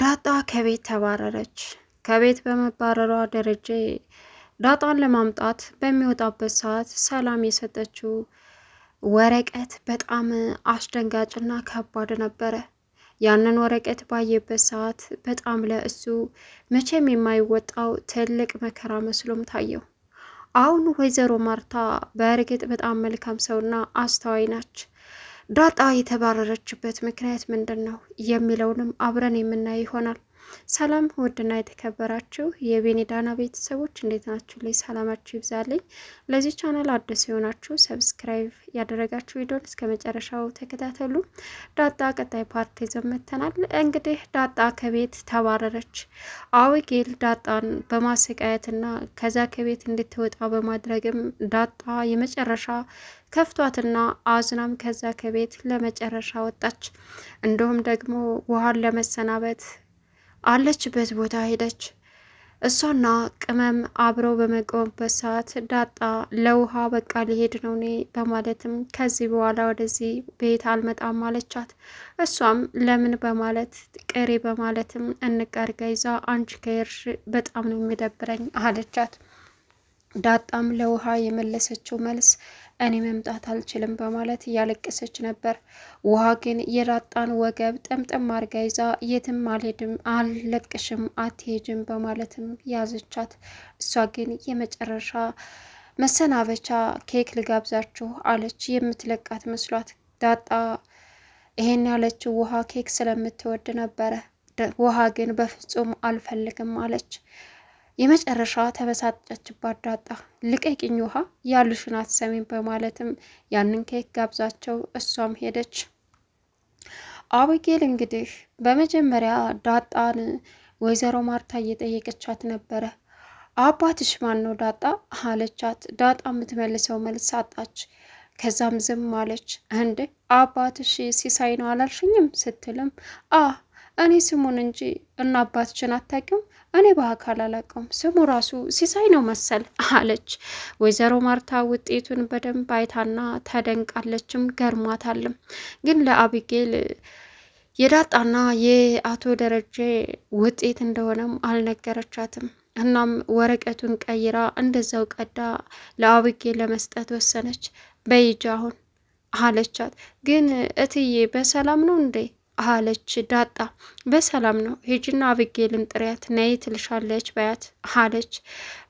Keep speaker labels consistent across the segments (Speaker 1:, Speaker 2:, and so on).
Speaker 1: ዳጣ ከቤት ተባረረች። ከቤት በመባረሯ ደረጀ ዳጣን ለማምጣት በሚወጣበት ሰዓት ሰላም የሰጠችው ወረቀት በጣም አስደንጋጭና ከባድ ነበረ። ያንን ወረቀት ባየበት ሰዓት በጣም ለእሱ መቼም የማይወጣው ትልቅ መከራ መስሎም ታየው። አሁን ወይዘሮ ማርታ በእርግጥ በጣም መልካም ሰውና አስተዋይ ናች። ዳጣ የተባረረችበት ምክንያት ምንድን ነው የሚለውንም አብረን የምናየው ይሆናል። ሰላም ውድና የተከበራችሁ የቤኔዳና ቤተሰቦች እንዴት ናችሁ? ላይ ሰላማችሁ ይብዛልኝ። ለዚህ ቻናል አዲስ የሆናችሁ ሰብስክራይብ ያደረጋችሁ ቪዲዮን እስከ መጨረሻው ተከታተሉ። ዳጣ ቀጣይ ፓርት ይዘን መጥተናል። እንግዲህ ዳጣ ከቤት ተባረረች። አቢጌል ዳጣን በማሰቃየትና ከዛ ከቤት እንድትወጣ በማድረግም ዳጣ የመጨረሻ ከፍቷትና አዝናም ከዛ ከቤት ለመጨረሻ ወጣች። እንዲሁም ደግሞ ውሃን ለመሰናበት አለችበት ቦታ ሄደች። እሷና ቅመም አብረው በመቆምበት ሰዓት ዳጣ ለውሃ በቃ ሊሄድ ነው እኔ በማለትም ከዚህ በኋላ ወደዚህ ቤት አልመጣም አለቻት። እሷም ለምን በማለት ቅሬ በማለትም እንቀርጋ ይዛ አንቺ ከሄድሽ በጣም ነው የሚደብረኝ አለቻት። ዳጣም ለውሃ የመለሰችው መልስ እኔ መምጣት አልችልም በማለት እያለቀሰች ነበር። ውሃ ግን የዳጣን ወገብ ጠምጠም አርጋ ይዛ የትም አልሄድም፣ አልለቅሽም፣ አትሄጅም በማለትም ያዘቻት። እሷ ግን የመጨረሻ መሰናበቻ ኬክ ልጋብዛችሁ አለች የምትለቃት መስሏት። ዳጣ ይሄን ያለችው ውሃ ኬክ ስለምትወድ ነበረ። ውሃ ግን በፍጹም አልፈልግም አለች። የመጨረሻ ተበሳጨችባት ዳጣ። ልቀቂኝ ውሃ ያሉሽን አትሰሚም በማለትም ያንን ኬክ ጋብዛቸው እሷም ሄደች። አብጌል እንግዲህ በመጀመሪያ ዳጣን ወይዘሮ ማርታ እየጠየቀቻት ነበረ። አባትሽ ማን ነው ዳጣ አለቻት። ዳጣ የምትመልሰው መልስ አጣች። ከዛም ዝም አለች። እንዴ አባትሽ ሲሳይ ነው አላልሽኝም? ስትልም አ እኔ ስሙን እንጂ እና አባትችን አታውቂውም? እኔ በአካል አላውቀውም። ስሙ ራሱ ሲሳይ ነው መሰል አለች። ወይዘሮ ማርታ ውጤቱን በደንብ አይታና ተደንቃለችም ገርሟታልም። ግን ለአቢጌል የዳጣና የአቶ ደረጀ ውጤት እንደሆነም አልነገረቻትም። እናም ወረቀቱን ቀይራ እንደዛው ቀዳ ለአቢጌል ለመስጠት ወሰነች። በይጃ አሁን አለቻት። ግን እትዬ በሰላም ነው እንዴ አለች ዳጣ። በሰላም ነው ሂጂና አብጌልን ጥሪያት ነይ ትልሻለች በያት አለች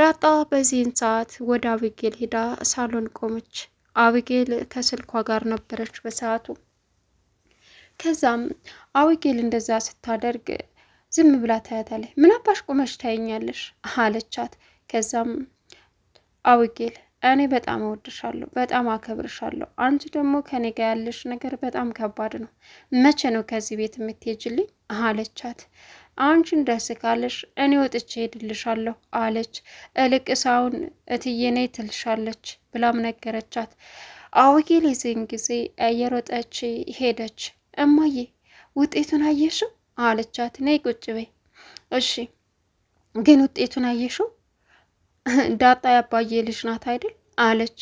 Speaker 1: ዳጣ። በዚህን ሰዓት ወደ አብጌል ሄዳ ሳሎን ቆመች። አብጌል ከስልኳ ጋር ነበረች በሰዓቱ። ከዛም አብጌል እንደዛ ስታደርግ ዝም ብላ ታያታለች። ምን አባሽ ቁመሽ ታየኛለሽ አለቻት። ከዛም አብጌል እኔ በጣም እወድሻለሁ፣ በጣም አከብርሻለሁ። አንቺ ደግሞ ከኔ ጋር ያለሽ ነገር በጣም ከባድ ነው። መቼ ነው ከዚህ ቤት የምትሄጅልኝ? አለቻት። አንቺ እንደስ ካለሽ እኔ ወጥቼ ሄድልሻለሁ አለች። እልቅሳውን እትዬኔ ትልሻለች ብላም ነገረቻት። አውጌ ሌዜን ጊዜ እየሮጠች ሄደች። እማዬ ውጤቱን አየሽው? አለቻት። ነይ ቁጭ በይ። እሺ ግን ውጤቱን አየሽው ዳጣ ያባዬ ልጅ ናት አይደል? አለች።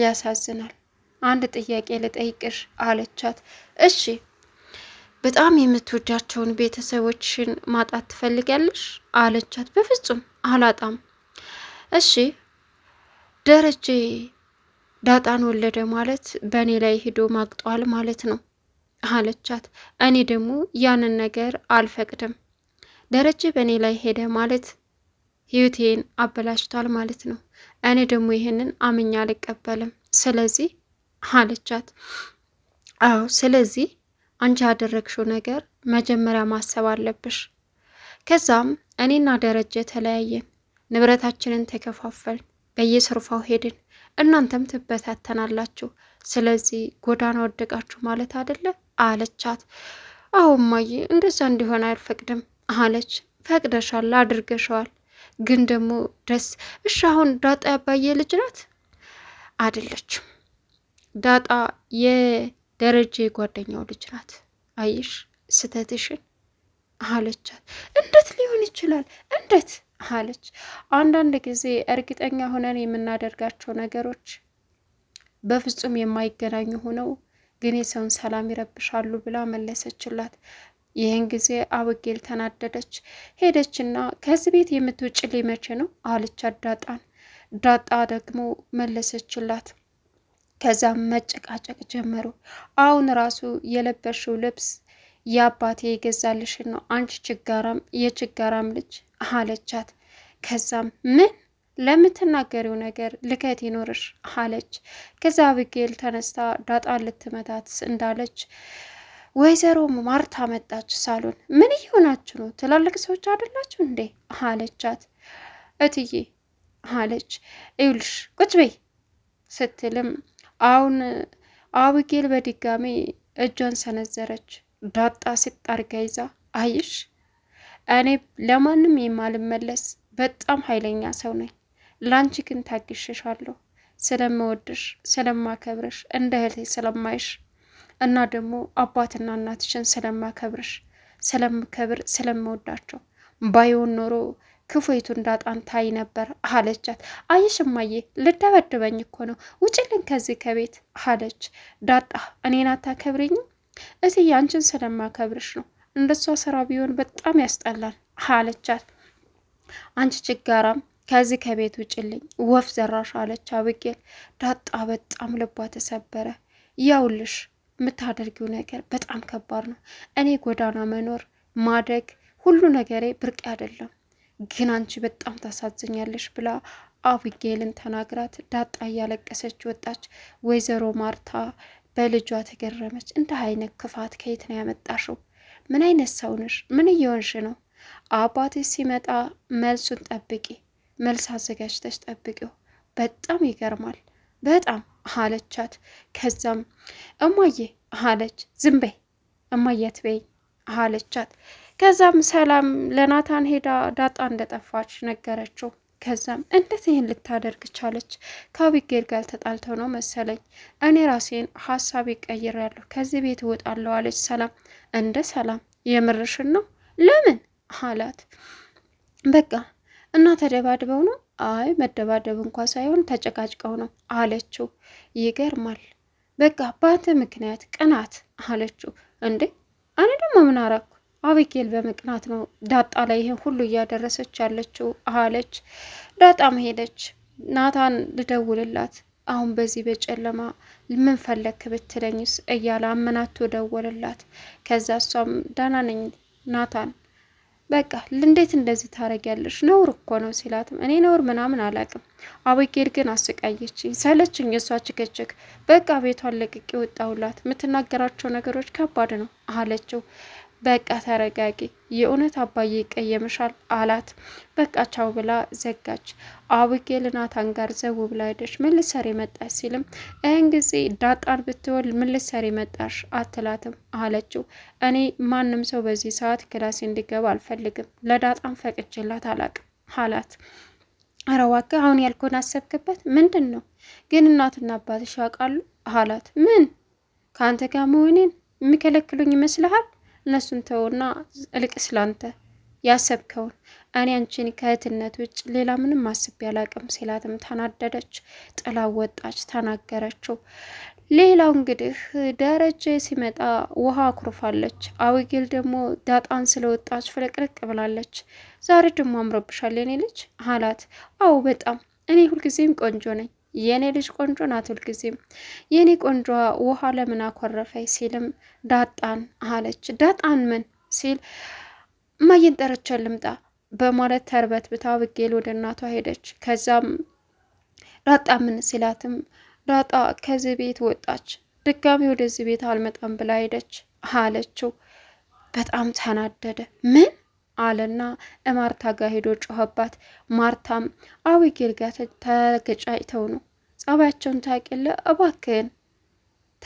Speaker 1: ያሳዝናል። አንድ ጥያቄ ልጠይቅሽ አለቻት። እሺ፣ በጣም የምትወዳቸውን ቤተሰቦችን ማጣት ትፈልጋለሽ? አለቻት። በፍጹም አላጣም። እሺ፣ ደረጀ ዳጣን ወለደ ማለት በእኔ ላይ ሄዶ ማግጧል ማለት ነው አለቻት። እኔ ደግሞ ያንን ነገር አልፈቅድም። ደረጀ በእኔ ላይ ሄደ ማለት ህይወቴን አበላሽቷል ማለት ነው። እኔ ደግሞ ይህንን አምኛ አልቀበልም። ስለዚህ አለቻት። አዎ ስለዚህ አንቺ ያደረግሽው ነገር መጀመሪያ ማሰብ አለብሽ። ከዛም እኔና ደረጀ ተለያየን፣ ንብረታችንን ተከፋፈል በየስርፋው ሄድን። እናንተም ትበታተናላችሁ። ስለዚህ ጎዳና ወደቃችሁ ማለት አደለ አለቻት። አዎ እማዬ፣ እንደዛ እንዲሆን አይፈቅድም አለች። ፈቅደሻል፣ አድርገሸዋል። ግን ደግሞ ደስ እሺ። አሁን ዳጣ ያባየ ልጅ ናት አይደለችም? ዳጣ የደረጀ የጓደኛው ልጅ ናት። አይሽ ስተትሽን አለቻት። እንዴት ሊሆን ይችላል? እንዴት አለች። አንዳንድ ጊዜ እርግጠኛ ሆነን የምናደርጋቸው ነገሮች በፍጹም የማይገናኙ ሆነው ግን የሰውን ሰላም ይረብሻሉ ብላ መለሰችላት። ይህን ጊዜ አብጌል ተናደደች። ሄደችና ከዚህ ቤት የምትውጭል መቼ ነው አለቻት ዳጣን። ዳጣ ደግሞ መለሰችላት። ከዛም መጨቃጨቅ ጀመሩ። አሁን ራሱ የለበሽው ልብስ የአባቴ የገዛልሽን ነው አንቺ ችጋራም የችጋራም ልጅ አለቻት። ከዛም ምን ለምትናገሪው ነገር ልከት ይኖርሽ አለች። ከዛ አብጌል ተነስታ ዳጣ ልትመታት እንዳለች ወይዘሮ ማርታ መጣች ሳሎን። ምን እየሆናችሁ ነው? ትላልቅ ሰዎች አይደላችሁ እንዴ? አለቻት። እትዬ አለች። ይኸውልሽ ቁጭ በይ ስትልም አሁን አብጌል በድጋሚ እጇን ሰነዘረች። ዳጣ ስጣርጋ ይዛ አይሽ እኔ ለማንም የማልመለስ በጣም ኃይለኛ ሰው ነኝ። ላንቺ ግን ታግሸሻለሁ፣ ስለምወድሽ፣ ስለማከብርሽ እንደ እህቴ ስለማይሽ እና ደግሞ አባትና እናትሽን ስለማከብርሽ ስለምከብር ስለምወዳቸው ባይሆን ኖሮ ክፉይቱ እንዳጣን ታይ ነበር አለቻት። አየሽ እማዬ ልደበድበኝ እኮ ነው ውጭልኝ ከዚህ ከቤት አለች። ዳጣ እኔን አታከብሪኝም? እትዬ አንቺን ስለማከብርሽ ነው እንደሷ ስራ ቢሆን በጣም ያስጠላል አለቻት። አንቺ ችጋራም ከዚህ ከቤት ውጭልኝ ወፍ ዘራሽ አለች አብጌል። ዳጣ በጣም ልቧ ተሰበረ። ያውልሽ የምታደርጊው ነገር በጣም ከባድ ነው። እኔ ጎዳና መኖር ማደግ ሁሉ ነገሬ ብርቅ አይደለም፣ ግን አንቺ በጣም ታሳዝኛለሽ ብላ አብጌልን ተናግራት ዳጣ እያለቀሰች ወጣች። ወይዘሮ ማርታ በልጇ ተገረመች። እንዲህ አይነት ክፋት ከየት ነው ያመጣሽው? ምን አይነት ሰው ነሽ? ምን እየሆንሽ ነው? አባቴ ሲመጣ መልሱን ጠብቂ፣ መልስ አዘጋጅተሽ ጠብቂው። በጣም ይገርማል። በጣም አለቻት። ከዛም እማዬ አለች። ዝም በይ እማዬ አትበይ አለቻት። ከዛም ሰላም ለናታን ሄዳ ዳጣ እንደጠፋች ነገረችው። ከዛም እንዴት ይህን ልታደርግ ቻለች? ከአቢጌል ጋር ተጣልተው ነው መሰለኝ። እኔ ራሴን ሀሳብ ያለሁ ከዚህ ቤት እወጣለሁ አለች ሰላም። እንደ ሰላም የምርሽን ነው? ለምን አላት። በቃ እና ተደባድበው ነው? አይ መደባደብ እንኳ ሳይሆን ተጨቃጭቀው ነው አለችው። ይገርማል። በቃ በአንተ ምክንያት ቅናት አለችው። እንዴ እኔ ደግሞ ምን አረኩ? አቢጌል በምክንያት ነው ዳጣ ላይ ይህን ሁሉ እያደረሰች ያለችው አለች። ዳጣም ሄደች። ናታን ልደውልላት አሁን በዚህ በጨለማ ምን ፈለክ ብትለኝስ እያለ አመናቶ ደወለላት። ከዛ እሷም ደህና ነኝ ናታን በቃ እንዴት እንደዚህ ታረጊያለሽ? ነውር እኮ ነው ሲላትም እኔ ነውር ምናምን አላቅም። አበጌል ግን አሰቃየችኝ፣ ሰለችኝ የእሷ ችክችክ። በቃ ቤቷን ለቅቄ ወጣሁላት። የምትናገራቸው ነገሮች ከባድ ነው አለችው። በቃ ተረጋጊ፣ የእውነት አባዬ ይቀየምሻል አላት። በቃ ቻው ብላ ዘጋች። አብጌል ናታን ጋር ዘው ብላ ሄደች። ምን ልትሰሪ መጣሽ ሲልም ይህን ጊዜ ዳጣን ብትወል ምን ልትሰሪ መጣሽ አትላትም አለችው። እኔ ማንም ሰው በዚህ ሰዓት ክላሴ እንዲገባ አልፈልግም፣ ለዳጣን ፈቅጄላት አላቅ አላት። አረዋከ አሁን ያልኩህን አሰብክበት ምንድን ነው ግን? እናትና አባትሽ ያውቃሉ አላት። ምን ከአንተ ጋር መሆኔን የሚከለክሉኝ ይመስልሃል እነሱን ተውና እልቅ ስላንተ ያሰብከውን እኔ አንቺን ከእህትነት ውጭ ሌላ ምንም አስቤ አላቅም ሲላትም ተናደደች፣ ጥላ ወጣች፣ ተናገረችው። ሌላው እንግዲህ ደረጀ ሲመጣ ውሃ አኩርፋለች። አዊጌል ደግሞ ዳጣን ስለወጣች ፍልቅልቅ ብላለች። ዛሬ ደግሞ አምሮብሻል የኔ ልጅ አላት። አዎ በጣም እኔ ሁልጊዜም ቆንጆ ነኝ የኔ ልጅ ቆንጆ ናት ሁልጊዜም የኔ ቆንጆ ውሃ ለምን አኮረፈኝ ሲልም ዳጣን አለች። ዳጣን ምን ሲል እማዬን ጠርቼ ልምጣ በማለት ብታ ብጌል ወደ እናቷ ሄደች። ከዛም ዳጣ ምን ሲላትም ዳጣ ከዚህ ቤት ወጣች፣ ድጋሚ ወደዚህ ቤት አልመጣም ብላ ሄደች አለችው። በጣም ተናደደ። ምን አለና ማርታ ጋር ሄዶ ጮኸባት። ማርታም አቢጌል ጋር ተገጫጭተው ነው። ጸባያቸውን ታቂለ እባክህን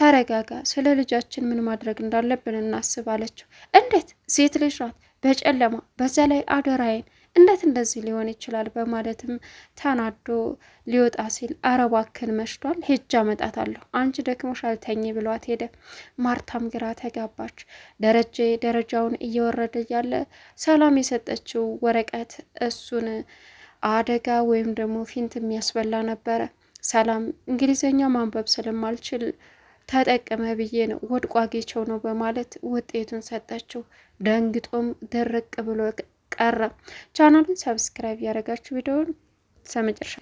Speaker 1: ተረጋጋ፣ ስለ ልጃችን ምን ማድረግ እንዳለብን እናስብ አለችው። እንዴት ሴት ልጅ ናት፣ በጨለማ በዛ ላይ አደራዬን እንዴት እንደዚህ ሊሆን ይችላል? በማለትም ተናዶ ሊወጣ ሲል አረባክን መሽቷል፣ ሄጃ አለሁ አንቺ ደክሞሽ አልተኝ ብሏት ሄደ። ማርታም ግራ ተጋባች። ደረጀ ደረጃውን እየወረደ እያለ ሰላም የሰጠችው ወረቀት እሱን አደጋ ወይም ደግሞ ፊንት የሚያስበላ ነበረ። ሰላም እንግሊዝኛ ማንበብ ስለማልችል ተጠቀመ ብዬ ነው ወድቋጌቸው ነው በማለት ውጤቱን ሰጠችው። ደንግጦም ድርቅ ብሎ ቀረ። ቻናሉን ሰብስክራይብ ያደረጋችሁ ቪዲዮን እስከ